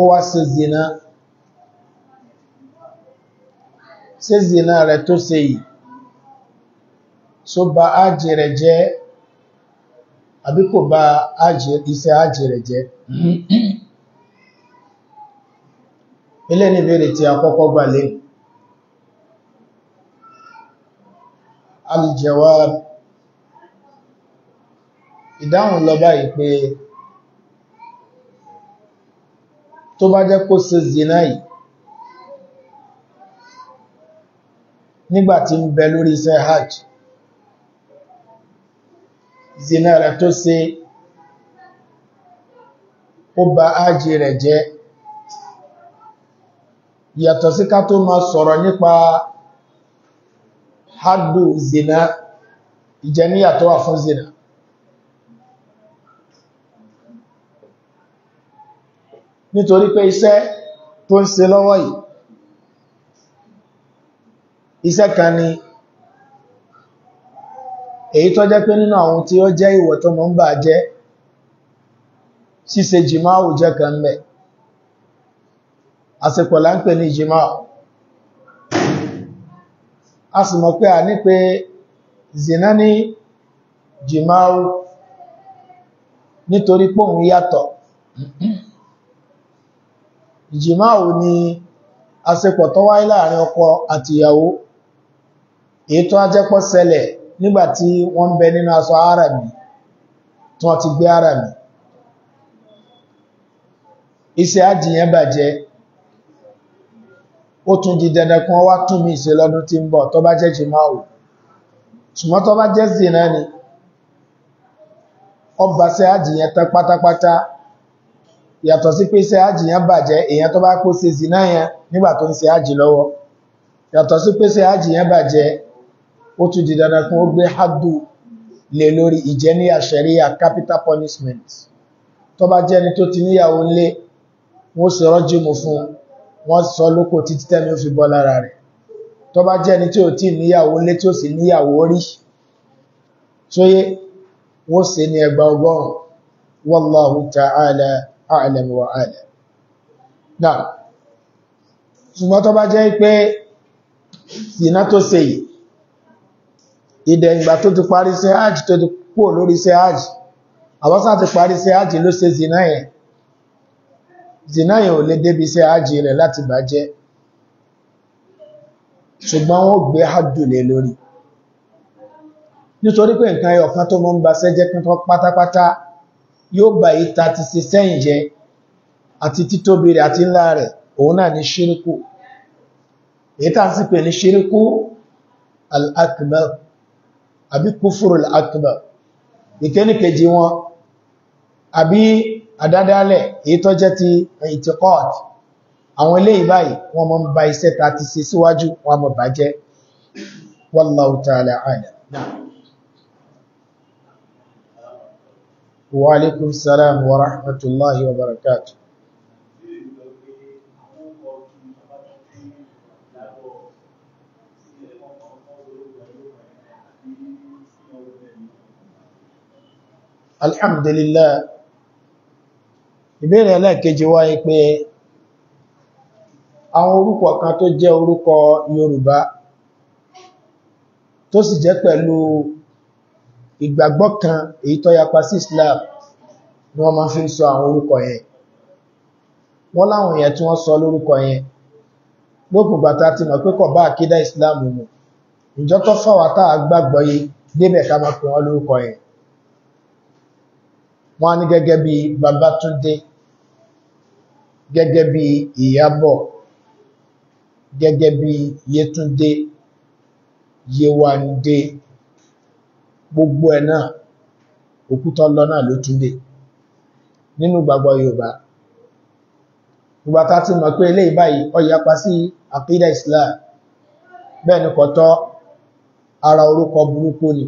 ó wá ṣe zina se zina tó so ba ájì rẹ̀ jẹ́ àbí kò bà iṣẹ́ ájì rẹ̀ jẹ́ ilé ní ti tí a kọ́kọ́ ìdáhùn lọ báyìí pé tó bá jẹ́ kó ṣe zina yìí nígbàtí ń bẹ lórí iṣẹ́ hajj zina rẹ̀ tó ṣe ó ba hajj rẹ̀ jẹ́ yàtọ̀ sí ká tó máa sọ̀rọ̀ nípa haddu zina ìjẹníyà tó wà fún zina nítorí pé iṣẹ́ tó ń ṣe lọ́wọ́ yìí iṣẹ́ kan ni èyí tó jẹ́ pé nínú àwọn tí ó jẹ́ ìwọ̀ tó mọ́ ń bà jẹ́ ṣíṣe jìmáwù jẹ́ kan mẹ́ àsìkò là ní jìmáwù a sì mọ̀ pé a ní pé zina ní jìmáwù nítorí pòun yàtọ̀ ìjìmá ò ní àṣepọ̀ tó wáyé láàrin ọkọ àti ìyàwó èyí tó ajẹ́pọ̀ sẹlẹ̀ nígbàtí wọ́n ń bẹ nínú aṣọ áràmì tí ti gbé áràmì iṣẹ́ àjìyàn bàjẹ́ ó tún di dandan wá tún mi lọ́dún tí ń bọ̀ bá jẹ́ ò ṣùgbọ́n yàtọ̀ sí pé ṣe ájì yẹn bàjẹ́ èyàn tó bá kó ṣe zìnà yẹn nígbà tó ń ṣe ájì lọ́wọ́ yàtọ̀ sí pé ṣe ájì yẹn bàjẹ́ ó tún di dandan kún ó gbé haddu lè lórí ìjẹníyà sharia capital punishment tó bá jẹ́ni tó ti níyàwó ńlé wọ́n sì rọ́jú mu fún wọ́n sọ lóko títí tẹ́mi ó fi bọ́ lára rẹ̀ tó bá jẹ́ni tí ò tí níyàwó ńlé tí ò sì níyàwó rí tóyé wọ́n sì ní ẹgbà ọgọ́rùn-ún wallahu ta'ala a'lam wa a'lam náà ṣùgbọ́n tó bá jẹ́ pé zina tó ṣe yìí ìdẹ̀ ìgbà tó ti parí sí hajj tó ti kúrò lórí sí hajj àwọ́sá ti parí sí hajj ló ṣe zina yẹn zina yẹn ò lè débi sí hajj rẹ̀ láti bàjẹ́ ṣùgbọ́n wọ́n gbé hajj lé lórí nítorí pé nǹkan ẹyọ̀kan tó mọ́ ń ba sẹ́jẹ́ pátá yóò bá ìta ti ṣe sẹ́yìn jẹ àti títóbi rẹ̀ àti ńlá rẹ̀ òun náà ni ṣíríkù èyí tá sì pè ní ṣíríkù al-akbar àbí kúfùrù al-akbar ìkẹ́nìkejì wọn àbí àdádálẹ̀ èyí tó jẹ́ ti ìtìkọ́t àwọn ilé ìbáyìí wọ́n mọ́ ń ba iṣẹ́ ta ti ṣe síwájú wọ́n mọ́ bàjẹ́ wallahu ta'ala a'lam وعليكم السلام ورحمة الله وبركاته alhamdulillah ìbéèrè ẹlẹ́ẹ̀kejì wáyé pé àwọn orúkọ kan tó jẹ́ orúkọ Yorùbá tó sì jẹ́ pẹ̀lú ìgbàgbọ́ kan èyí tó yapa sí Islam ni wọ́n máa fi ń sọ àwọn orúkọ yẹn wọ́n láwọn èèyàn tí wọ́n sọ lórúkọ yẹn gbógun bàtà ti mọ̀ pé kò bá àkídá Islam mu ìjọ tó fọwọ́ tá gbàgbọ́ yìí débẹ̀ ká máa pè wọ́n lórúkọ yẹn wọ́n á ní gẹ́gẹ́ bí Babátúndé gẹ́gẹ́ bí Ìyábọ̀ gẹ́gẹ́ bí Yétúndé Yéwándé. Ye gbogbo ẹ̀ náà òkú tó lọ náà ló tún dé nínú gbàgbọ́ Yorùbá gbogbo ta ti mọ̀ pé eléyìí báyìí ó yapa sí àkídà Islam bẹ́ẹ̀ ni kò tọ́ ara orúkọ burúkú ni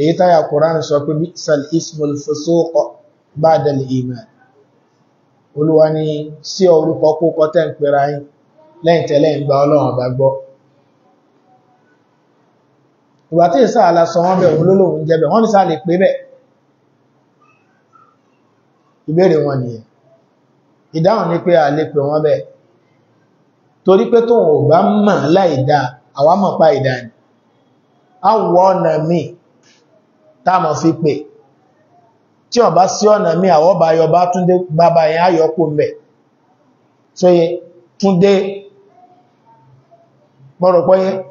èyí táyà Kùránì sọ pé bisal ismul fusuq ba'dal iman Olúwa ni sí orúkọ kókọ tẹ́ ń pera yín lẹ́yìn tẹ́lẹ̀ ń gba Ọlọ́run bá gbọ́ ìgbà tí ìsá àlà wọn wọ́n bẹ̀ òun jẹbẹ̀ wọ́n ní sáà lè pé bẹ̀ ìbéèrè wọn ni ìdáhùn ní pé a lè pè wọn bẹ̀ torí pé tóun ò bá mọ̀ láìdá àwa pa ìdá ni a wọ ọ̀nà mọ̀ fi pè tí ó bá sí ọ̀nà mi àwọ́ bá yọ bá túndé bàbá yẹn tó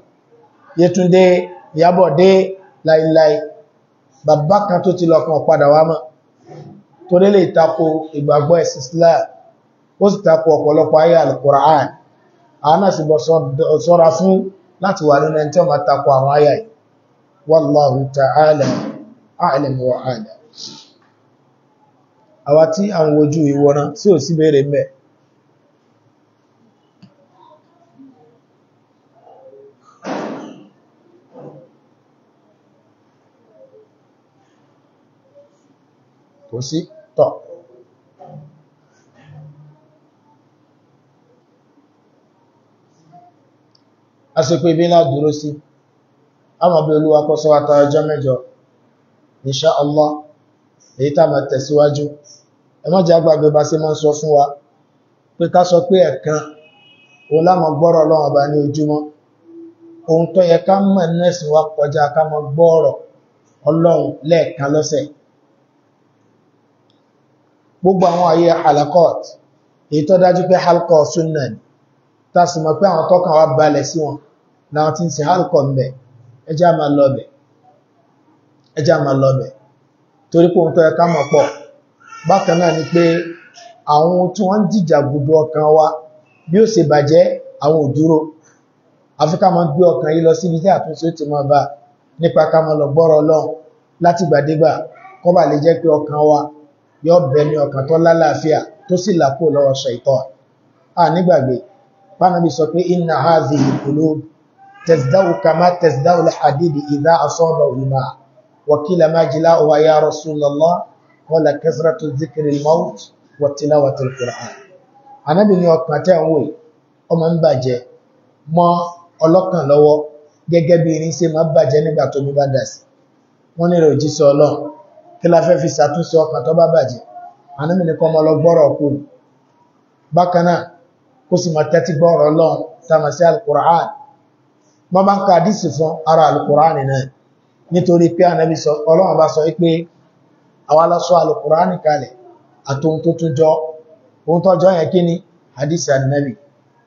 Yétúndé Ìyábọ̀dé láìláì bàbá kan tó ti lọ́kàn padà wá mọ́ torí lè tako ìgbàgbọ́ ẹ̀sìn Islam ó sì tako ọ̀pọ̀lọpọ̀ ayé Al-Qur'an àánà sì bọ̀ sọ́ra fún láti wà nínú ẹni tí ó máa tako àwọn ayé yìí wallahu ta'ala a'lam wa a'lam àwa tí àwọn ojú ìwọ̀ran tí sí tọ̀ àsìkò ibi náà dúró sí a olúwa kó ṣọ́ wa tọ́ ọjọ́ mẹ́jọ insha Allah èyí tá máa tẹ̀síwájú ẹ má jẹ́ àgbàgbé bá ṣe máa ń sọ fún wa pé ká sọ pé ẹ̀kan òun lámọ gbọ́rọ̀ Ọlọ́run ọba ní ojúmọ́ ohun tó yẹ ká mọ̀ nẹ́sìn wa kọjá ká mọ gbọ́rọ̀ Ọlọ́run lẹ́ẹ̀kan lọ́sẹ̀ gbogbo àwọn ayé halakot èyí tó dájú pé halkọ sunna ni ta sì mọ̀ pé àwọn tọ́kàn wá balẹ̀ sí wọn láwọn tí ń sin halkọ mẹ́ ẹjá ma lọ́bẹ̀ ẹjá ma lọ́bẹ̀ torí pé òun tó ẹka mọ̀ pọ̀ bákan náà ni pé àwọn tí wọ́n ń jìjà gbogbo ọkàn wa bí ó ṣe bàjẹ́ àwọn òdúró afíkà máa gbé ọkàn yìí lọ síbi tí àtúnṣe ti máa bá nípa ká máa lọ gbọ́rọ̀ ọlọ́run látìgbàdégbà kó bà lè jẹ́ pé ọkàn wa yọ bẹni ọkàn tó lálàáfíà tó sì làpò lọ́wọ́ ṣaitan a nígbàgbé pánàbí sọ pé inna hazihi al-qulub tazdahu kama tazdahu al-hadidi idha asaba al-ma wakila ma jila'uha ya rasulallah wala kasratu dhikri al-maut wa tilawati al-Qur'an anábì ni ọkàn tẹ́ ń wòye ọmọ ń bàjẹ́ mọ́ Ọlọ́run kí la fẹ́ fi ṣàtúnṣe ọkàn tó bá bàjẹ́ ànímì nìkan ọmọ lọ gbọ́rọ̀ kú bákan náà kó sì máa tẹ́tí gbọ́rọ̀ Ọlọ́run tàmà sí alukur'an wọ́n bá ń ka àdísì fún ara alukur'an náà nítorí pé ànábì sọ Ọlọ́run bá sọ pé àwa la sọ alukur'an kalẹ̀ àtohun tó tún jọ ohun tó jọ yẹn kí ni àdísì ànábì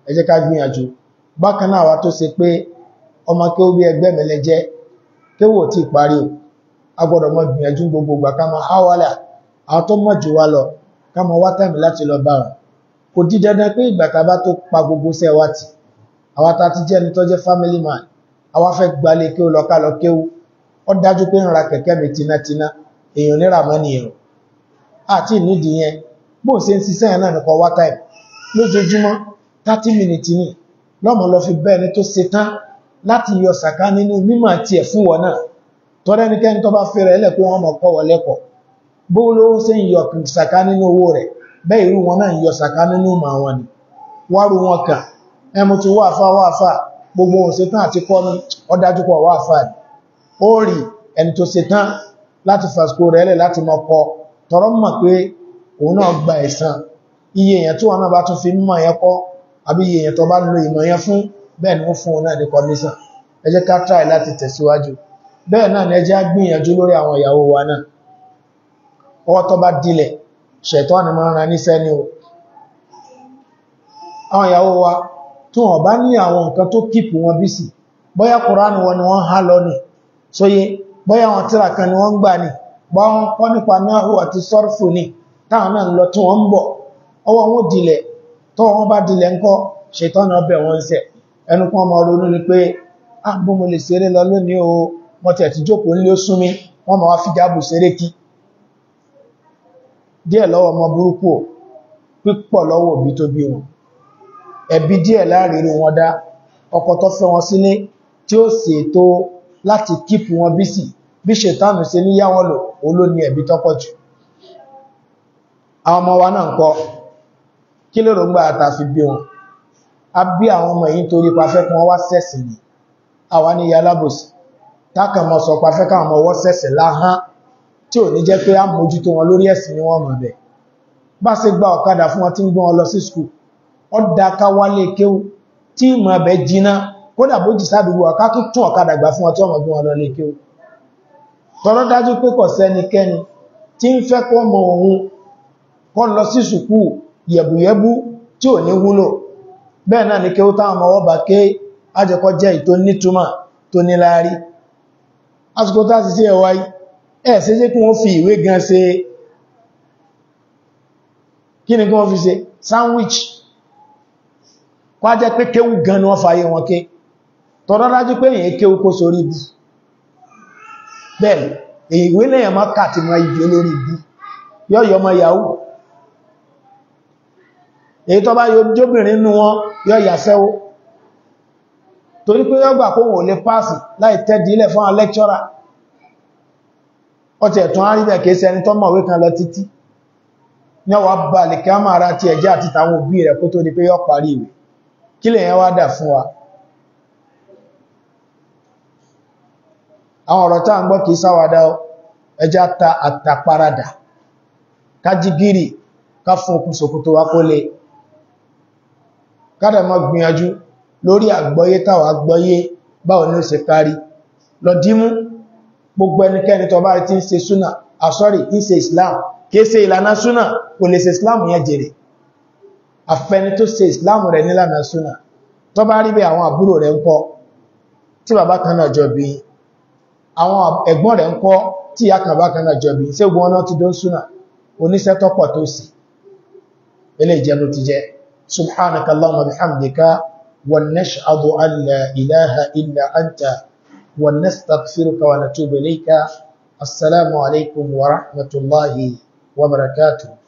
ẹ jẹ́ ká gbìyànjú bákan náà wa tó ṣe pé ọmọ kéwú bí ẹgbẹ́ mi lẹ jẹ́ kéwú parí o agbọ́dọ̀ mọ́ gbìyànjú gbogbo ìgbà ká máa háwálà àwọn tó mọ̀ jù wá lọ ká máa wá tàìmì láti lọ bá wọn kò di dandan pé ìgbà tá bá tó pa gbogbo sẹ́ wá tì ti jẹ́ ẹni tó jẹ́ family man àwa fẹ́ gbalẹ̀ kí ó lọ ká lọ kéwú ó dájú pé ń ra kẹ̀kẹ́ mi tinátiná èèyàn ní ràmọ́ ni èrò àti ìnídìí yẹn bóun ṣe ń ṣiṣẹ́ yẹn náà nìkan wá tàìmì lójoojúmọ́ 30 minutes ni lọ́mọ lọ fi bẹ́ẹ̀ ni tó ṣe tán láti yọ sàká nínú mímọ̀ àti ẹ̀fún wọn náà tọ́rẹ́ ní kẹ́ni tó bá fẹ́rẹ̀ ẹlẹ́kọ́ wọn mọ̀ wọlẹ́kọ̀ bó ló ń yọ sàká nínú owó wọn náà yọ sàká nínú ma wọn ni wárú wọn kà ẹmu ti gbogbo òun àti kọ́ ní ọdájúpọ̀ wà fà ó rí ẹni tó láti fàṣkó rẹ̀ láti tọrọ mọ̀ pé òun náà gba iye èèyàn wọn náà bá tún fi mọ̀ yẹn kọ́ àbí bẹ́ẹ̀ náà eji gbìyànjú lórí àwọn ìyàwó wa náà ọwọ́ tó bá dílẹ̀ ṣẹ̀tọ́ ni máa ń ra ni o àwọn ìyàwó wa tí wọ́n bá ní àwọn nǹkan tó kìpù wọn bí sí bóyá kùránù wọn ni wọ́n há lọ ní sóyé wọn tíra kan ni wọ́n gbà ní wọn kọ́ nípa náà ni ah, wọ́n ti ẹ̀tí jókòó nílé ó súnmí wọ́n ma wá fi jábù seré kí díẹ̀ lọ́wọ́ ọmọ burúkú ò pípọ̀ lọ́wọ́ òbí tó bí wọn ẹ̀bí díẹ̀ láàrin wọn dá ọkọ tó fẹ́ wọn sílé tí ó sì ètò láti kíìpù wọn bí sì bí ṣètánù ṣe ní yá wọn lò ó ní ẹ̀bí tọ́pọ̀ jù àwọn ọmọ wa náà ń kí ló rògbà àtàfi bí wọn a bí àwọn ọmọ yìí torí pa fẹ́ kí wọ́n wá sẹ́sìn ni àwa ní ìyá alábòsí tákàn mọ́ sọ pàfẹ́ káwọn ọmọ ọwọ́ sẹ̀sẹ̀ láhán tí ò ní jẹ́ pé á mójútó wọn lórí ẹ̀sìn ni wọ́n mọ̀ bẹ̀ bá ṣe gba ọ̀kadà fún wọn tí ń gbọ́n lọ sí skul ó dá ká wálé kéwú tí ìmọ̀ bẹ̀ jiná kódà bójì sádùúgbò ọ̀ká tó tún ọ̀kadà gbà fún wọn tí wọ́n gbọ́n lọ lé kéwú tọ́rọ́ dájú pé kò àsìkò tá ti ṣe ẹ̀wà ẹ̀ ṣe ṣe kí wọ́n fi ìwé gan ṣe kí ni kí wọ́n fi ṣe sandwich kó jẹ́ pé kéwù gan ni wọ́n fàyè wọn ké tọ́rọ dájú pé èyàn kéwù kó sórí ibu bẹ́ẹ̀ èyí ìwé lẹ́yìn má kàtì mọ́ ibi olórí ibu yọ́yọ́ ọmọ yahoo èyí torí pé yọ́gbà kó wò lè pàásì láì tẹ́dì ilẹ̀ fún alẹ́kṣọ́rà ọ̀tẹ̀ ẹ̀tún àríbẹ̀ kìí ṣẹni tó mọ̀wé kan lọ títí ní ọwà bá kí a máa ra ti ẹ̀jẹ́ àti tàwọn òbí rẹ̀ kó tó di pé yọ́ parí ìwé kí lè yẹn wá dà fún wa àwọn ọ̀rọ̀ táà ń gbọ́ í sáwádá ẹjá ta àtàparadà kájígírì ká fún wá kó gbìyànjú lórí àgbọ́yé táwa gbọ́yé báwo ni ó ṣe kárí lọ dímú gbogbo ẹnikẹ́ni tó bá rí tí ń suna, súnà àsọ́rì ah, ń se islam kìí ṣe ìlànà súnà kò lè se islam yẹn jèrè àfẹni tó se islam rẹ nílànà súnà suna, rí awọn àwọn àbúrò nkọ, ń tí jọ àwọn ẹ̀gbọ́n ń tí ìyá kan jọ ṣé gbọ́n náà ti dó súnà oníṣẹ́ tọ́pọ̀ tó sì ilé ìjẹun ti jẹ ونشهد أن لا إله إلا أنت ونستغفرك ونتوب إليك السلام عليكم ورحمة الله وبركاته